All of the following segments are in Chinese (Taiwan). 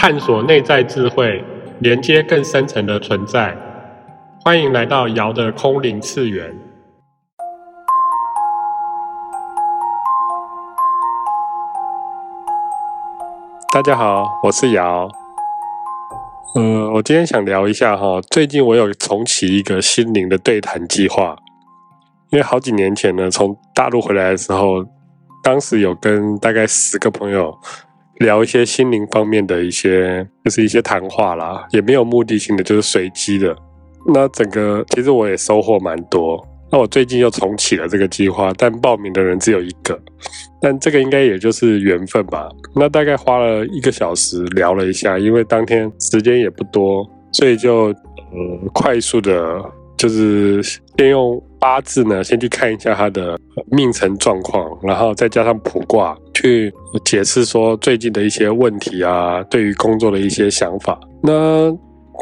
探索內在智慧，連接更深層的存在。歡迎來到堯的空靈次元。大家好，我是堯。呃，我今天想聊一下哈，最近我有重啟一個心靈的對談計劃，因為好幾年前呢，從大陸回來的時候，當時有跟大概十個朋友。聊一些心靈方面的一些，就是一些談話啦，也沒有目的性的，就是隨機的。那整個其實我也收穫蠻多。那我最近又重啟了這個計劃，但報名的人只有一個。但這個應該也就是緣分吧。那大概花了一個小時聊了一下，因為當天時間也不多，所以就呃快速的，就是先用八字呢，先去看一下他的命程狀況，然後再加上卜卦。去解釋說最近的一些問題啊，對於工作的一些想法。那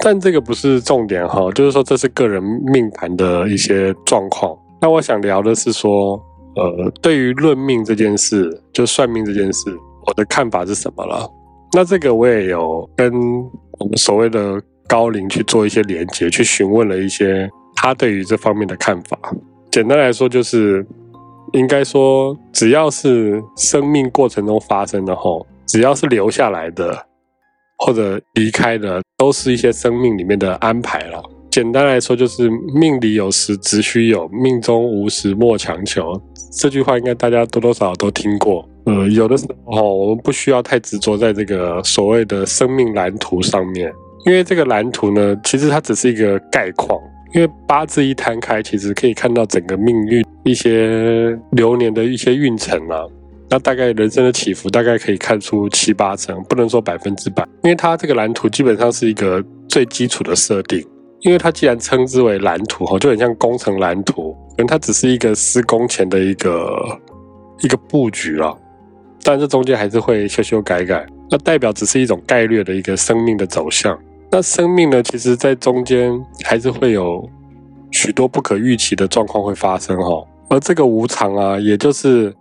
但這個不是重點哈，就是說這是個人命盤的一些狀況。那我想聊的是說，呃，對於論命這件事，就算命這件事，我的看法是什麼了？那這個我也有跟我們所謂的高靈去做一些連接，去詢問了一些他對於這方面的看法。簡單來說就是。應該說，只要是生命過程中發生的吼，只要是留下來的或者離開的，都是一些生命裡面的安排了。簡單來說，就是命裡有時只需有，命中無時莫強求。這句話應該大家多多少少都聽過。呃，有的時候我們不需要太執着在這個所謂的生命藍圖上面，因為這個藍圖呢，其實它只是一個概況。因為八字一攤開，其實可以看到整個命運一些流年的一些運程啊，那大概人生的起伏，大概可以看出七八成，不能說百分之百，因為它這個藍圖基本上是一個最基礎的設定。因為它既然稱之為藍圖哈，就很像工程藍圖，可能它只是一個施工前的一個一個佈局了啊。但這中間還是會修修改改，那代表只是一種概略的一個生命的走向。那生命呢？其實，在中間還是會有許多不可預期的狀況會發生哈、哦。而這個無常啊，也就是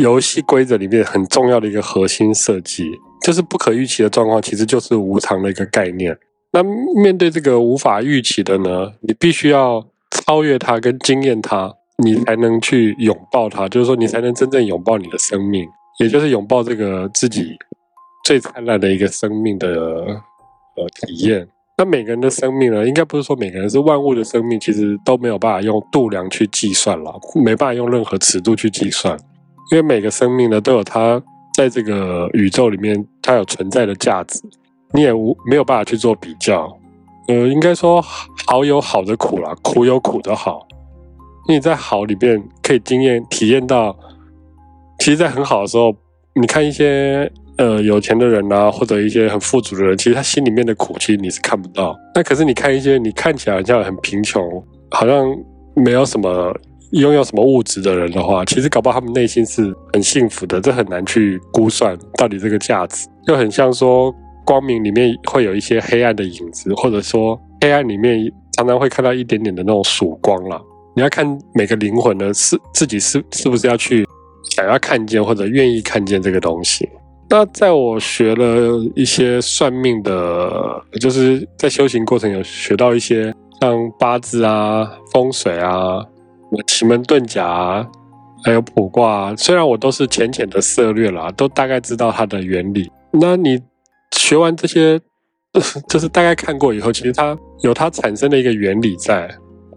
遊戲規則裡面很重要的一個核心設計，就是不可預期的狀況，其實就是無常的一個概念。那面對這個無法預期的呢，你必須要超越它，跟經驗它，你才能去擁抱它。就是說，你才能真正擁抱你的生命，也就是擁抱這個自己最燦爛的一個生命的。呃，體驗。那每個人的生命呢，應該不是說每個人是萬物的生命，其實都沒有辦法用度量去計算了，沒辦法用任何尺度去計算，因為每個生命呢，都有它在這個宇宙裡面，它有存在的價值，你也無沒有辦法去做比較。呃，應該說好有好的苦啦，苦有苦的好，你在好裡面可以經驗體驗到，其實在很好的時候，你看一些。呃，有錢的人啊，或者一些很富足的人，其實他心裡面的苦，其實你是看不到。那可是你看一些你看起來很像很貧窮，好像沒有什麼擁有什麼物質的人的話，其實搞不好他們內心是很幸福的。這很難去估算到底這個價值。就很像說，光明裡面會有一些黑暗的影子，或者說黑暗裡面常常會看到一點點的那種曙光了。你要看每個靈魂呢，是自己是是不是要去想要看見或者願意看見這個東西。那在我學了一些算命的，就是在修行過程有學到一些像八字啊、風水啊、我奇門遁甲啊，還有卜卦啊。雖然我都是淺淺的涉略啦，啊，都大概知道它的原理。那你學完這些，就是大概看過以後，其實它有它產生的一個原理在，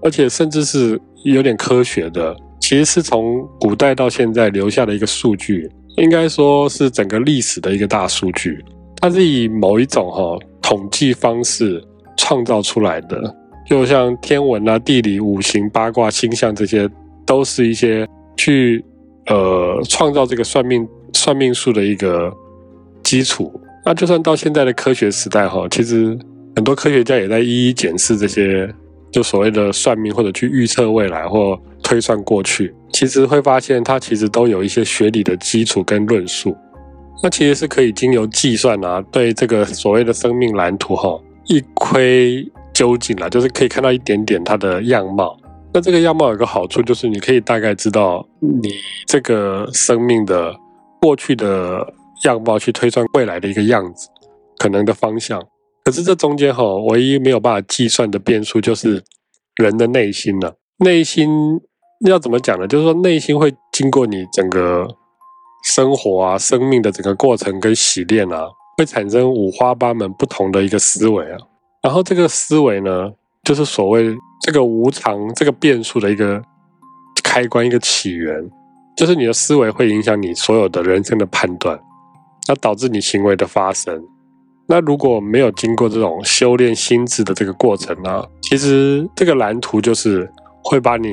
而且甚至是有點科學的，其實是從古代到現在留下的一個數據。應該說是整個歷史的一個大數據，它是以某一種哈、哦、統計方式創造出來的。就像天文啊、地理、五行、八卦、星象這些，都是一些去呃創造這個算命算命術的一個基礎。那就算到現在的科學時代哈、哦，其實很多科學家也在一一檢視這些，就所謂的算命或者去預測未來或推算過去，其實會發現它其實都有一些學理的基礎跟論述，那其實是可以經由計算啊，對這個所謂的生命藍圖哈、哦、一窺究竟啦，就是可以看到一點點它的樣貌。那這個樣貌有一個好處就是你可以大概知道你這個生命的過去的樣貌去推算未來的一個樣子可能的方向。可是這中間哈、哦，唯一沒有辦法計算的變數就是人的內心了、啊，內心。要怎麼講呢？就是說，內心會經過你整個生活啊、生命的整個過程跟洗練啊，會產生五花八門不同的一個思維啊。然後，這個思維呢，就是所謂這個無常、這個變數的一個開關、一個起源，就是你的思維會影響你所有的人生的判斷，那導致你行為的發生。那如果沒有經過這種修煉心智的這個過程呢、啊，其實這個藍圖就是會把你。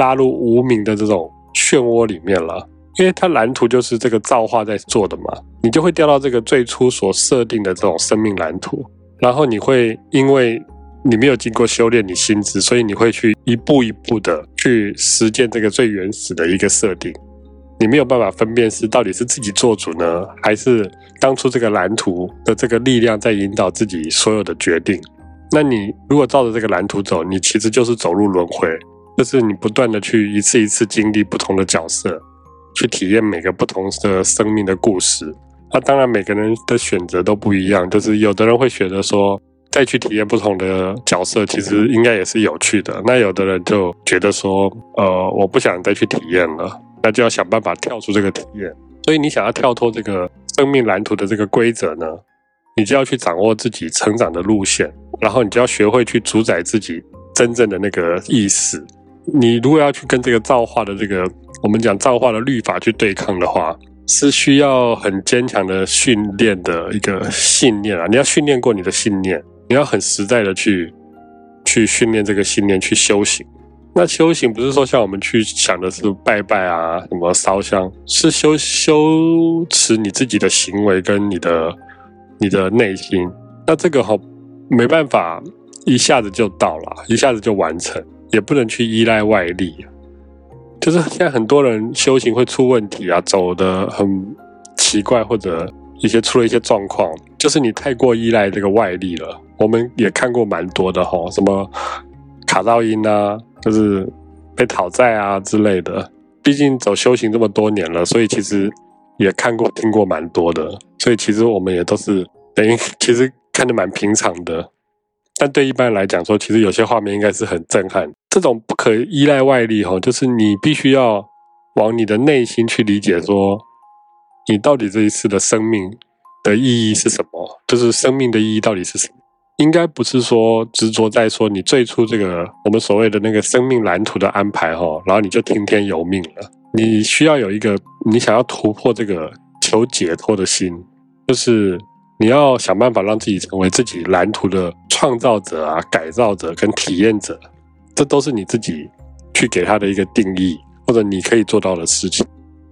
拉入無名的這種漩渦裡面了，因為它藍圖就是這個造化在做的嘛，你就會掉到這個最初所設定的這種生命藍圖，然後你會因為你沒有經過修煉你心智，所以你會去一步一步的去實踐這個最原始的一個設定，你沒有辦法分辨是到底是自己做主呢，還是當初這個藍圖的這個力量在引導自己所有的決定。那你如果照着這個藍圖走，你其實就是走入輪迴。就是你不斷的去一次一次經歷不同的角色，去體驗每個不同的生命的故事。那、啊、當然，每個人的選擇都不一樣。就是有的人會覺得說，再去體驗不同的角色，其實應該也是有趣的。那有的人就覺得說，呃，我不想再去體驗了，那就要想辦法跳出這個體驗。所以，你想要跳脫這個生命藍圖的這個規則呢，你就要去掌握自己成長的路線，然後你就要學會去主宰自己真正的那個意識。你如果要去跟這個造化的這個我們講造化的律法去對抗的話，是需要很堅強的訓練的一個信念啊，你要訓練過你的信念，你要很實在的去去訓練這個信念，去修行。那修行不是說像我們去想的是拜拜啊，什麼燒香，是修修持你自己的行為跟你的你的內心。那這個好沒辦法一下子就到了，一下子就完成。也不能去依賴外力，就是現在很多人修行會出問題啊，走得很奇怪，或者一些出了一些狀況，就是你太過依賴這個外力了。我們也看過蠻多的哈，什麼卡到陰啊，就是被討債啊之類的。畢竟走修行這麼多年了，所以其實也看過、聽過蠻多的，所以其實我們也都是等於其實看得蠻平常的。但對一般來講說，其實有些畫面應該是很震撼。這種不可依賴外力，哦，就是你必須要往你的內心去理解說，說你到底這一次的生命的意義是什麼？就是生命的意義到底是什麼？應該不是說執着在說你最初這個我們所謂的那個生命藍圖的安排，哦，然後你就聽天由命了。你需要有一個你想要突破這個求解脫的心，就是。你要想辦法讓自己成為自己藍圖的創造者啊、改造者跟體驗者，這都是你自己去給他的一個定義，或者你可以做到的事情。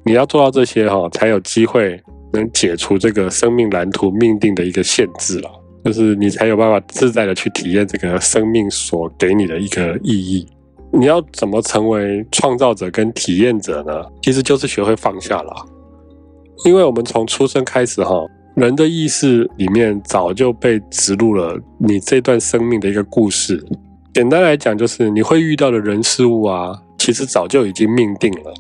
你要做到這些哈、哦，才有機會能解除這個生命藍圖命定的一個限制了，就是你才有辦法自在的去體驗這個生命所給你的一個意義。你要怎麼成為創造者跟體驗者呢？其實就是學會放下了，因為我們從出生開始哈、哦。人的意識裡面早就被植入了你這段生命的一個故事。簡單來講，就是你會遇到的人事物啊，其實早就已經命定了，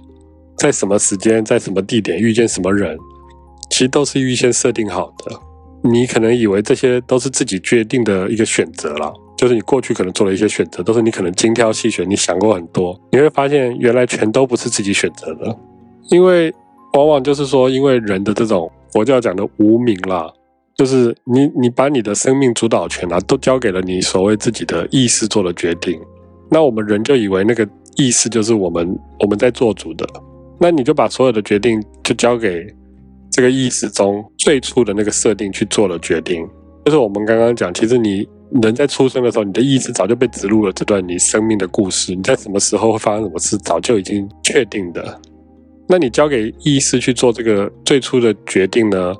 在什麼時間、在什麼地點遇見什麼人，其實都是預先設定好的。你可能以為這些都是自己決定的一個選擇啦，就是你過去可能做了一些選擇，都是你可能精挑細選，你想過很多，你會發現原來全都不是自己選擇的，因為往往就是說，因為人的這種。佛教講的無明啦，就是你，你把你的生命主導權啊，都交給了你所謂自己的意識做的決定。那我們人就以為那個意識就是我們我們在做主的，那你就把所有的決定就交給這個意識中最初的那個設定去做的決定。就是我們剛剛講，其實你人在出生的時候，你的意識早就被植入了這段你生命的故事，你在什麼時候會發生什麼事，早就已經確定的。那你交給意識去做這個最初的決定呢？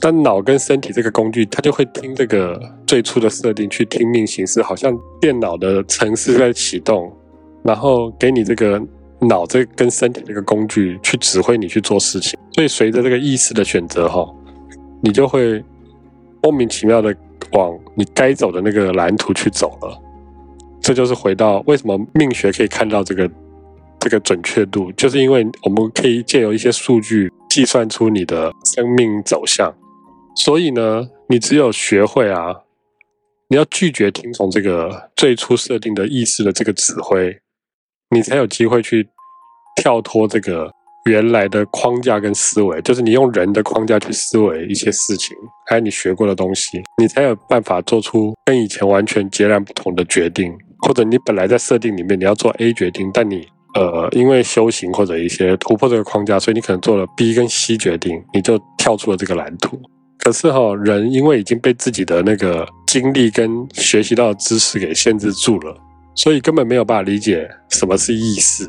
但腦跟身體這個工具，它，就會聽這個最初的設定去聽命行事。好像電腦的程式在啟動，然後給你這個腦這跟身體這個工具去指揮你去做事情。所以隨着這個意識的選擇，哈，你就會莫名其妙的往你該走的那個藍圖去走了。這就是回到為什麼命學可以看到這個。這個準確度，就是因為我們可以借由一些數據計算出你的生命走向，所以呢，你只有學會啊，你要拒絕聽從這個最初設定的意識的這個指揮，你才有機會去跳脫這個原來的框架跟思維，就是你用人的框架去思維一些事情，還有你學過的東西，你才有辦法做出跟以前完全截然不同的決定，或者你本來在設定裡面你要做 A 決定，但你。呃，因為修行或者一些突破這個框架，所以你可能做了 B 跟 C 決定，你就跳出了這個藍圖。可是齁，人因為已經被自己的那個經歷跟學習到的知識給限制住了，所以根本沒有辦法理解什麼是意識。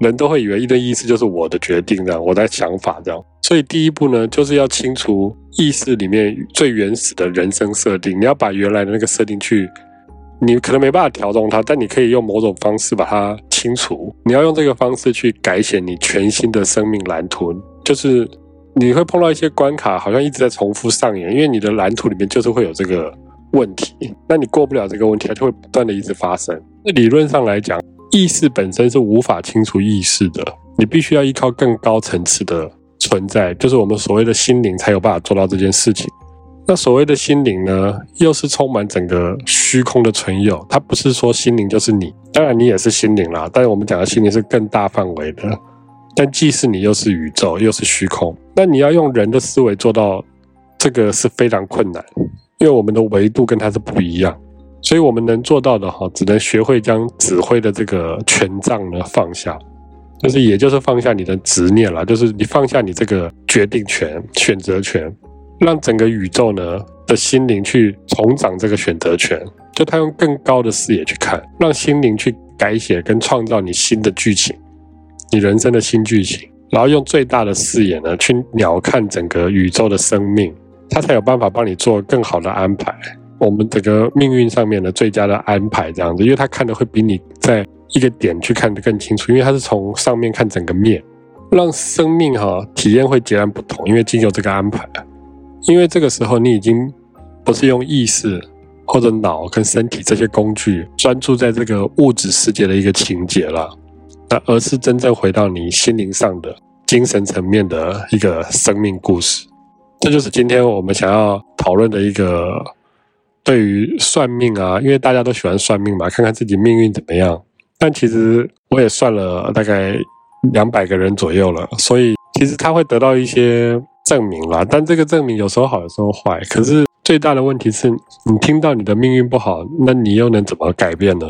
人都會以為，你的意識就是我的決定這樣，我的想法這樣。所以第一步呢，就是要清除意識裡面最原始的人生設定。你要把原來的那個設定去。你可能沒辦法調動它，但你可以用某種方式把它清除。你要用這個方式去改寫你全新的生命藍圖。就是你會碰到一些關卡，好像一直在重複上演，因為你的藍圖裡面就是會有這個問題。那你過不了這個問題，它就會不斷的一直發生。那理論上來講，意識本身是無法清除意識的，你必須要依靠更高層次的存在，就是我們所謂的心靈，才有辦法做到這件事情。那所謂的心靈呢，又是充滿整個虛空的存有，它不是說心靈就是你，當然你也是心靈啦，但是我們講的心靈是更大範圍的，但既是你，又是宇宙，又是虛空。那你要用人的思維做到這個是非常困難，因為我們的維度跟它是不一樣，所以我們能做到的哈、哦，只能學會將指揮的這個權杖呢放下，就是也就是放下你的執念了，就是你放下你這個決定權、選擇權。讓整個宇宙呢的心靈去重掌這個選擇權，就他用更高的視野去看，讓心靈去改寫跟創造你新的劇情，你人生的新劇情，然後用最大的視野呢去鳥瞰整個宇宙的生命，他才有辦法幫你做更好的安排，我們整個命運上面的最佳的安排這樣子，因為他看的會比你在一個點去看得更清楚，因為他是從上面看整個面，讓生命哈體驗會截然不同，因為經由這個安排。因為這個時候，你已經不是用意識或者腦跟身體這些工具專注在這個物質世界的一個情節了，那而是真正回到你心靈上的精神層面的一個生命故事。這就是今天我們想要討論的一個對於算命啊，因為大家都喜歡算命嘛，看看自己命運怎麼樣。但其實我也算了大概兩百個人左右了，所以其實他會得到一些。證明啦，但這個證明有時候好，有時候壞。可是最大的問題是，你聽到你的命運不好，那你又能怎麼改變呢？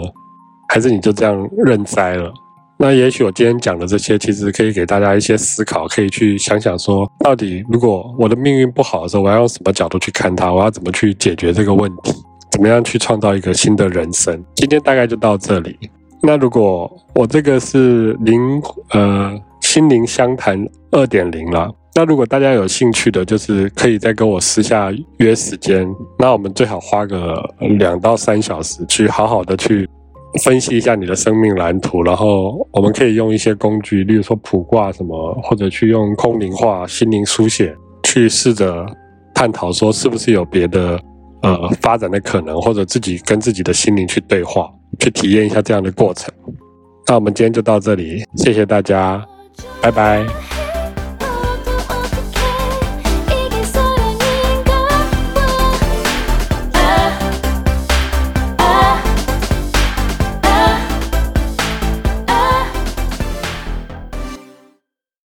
還是你就這樣認栽了？那也許我今天講的這些，其實可以給大家一些思考，可以去想想說，到底如果我的命運不好的時候，我要用什麼角度去看它？我要怎麼去解決這個問題？怎麼樣去創造一個新的人生？今天大概就到這裡。那如果我這個是靈，呃，心靈相談二點零啦。那如果大家有興趣的，就是可以再跟我私下約時間。那我們最好花個兩到三小時，去好好的去分析一下你的生命藍圖。然後我們可以用一些工具，例如說卜卦什麼，或者去用空靈畫、心靈書寫，去試着探討說是不是有別的呃發展的可能，或者自己跟自己的心靈去對話，去體驗一下這樣的過程。那我們今天就到這裡，謝謝大家，拜拜。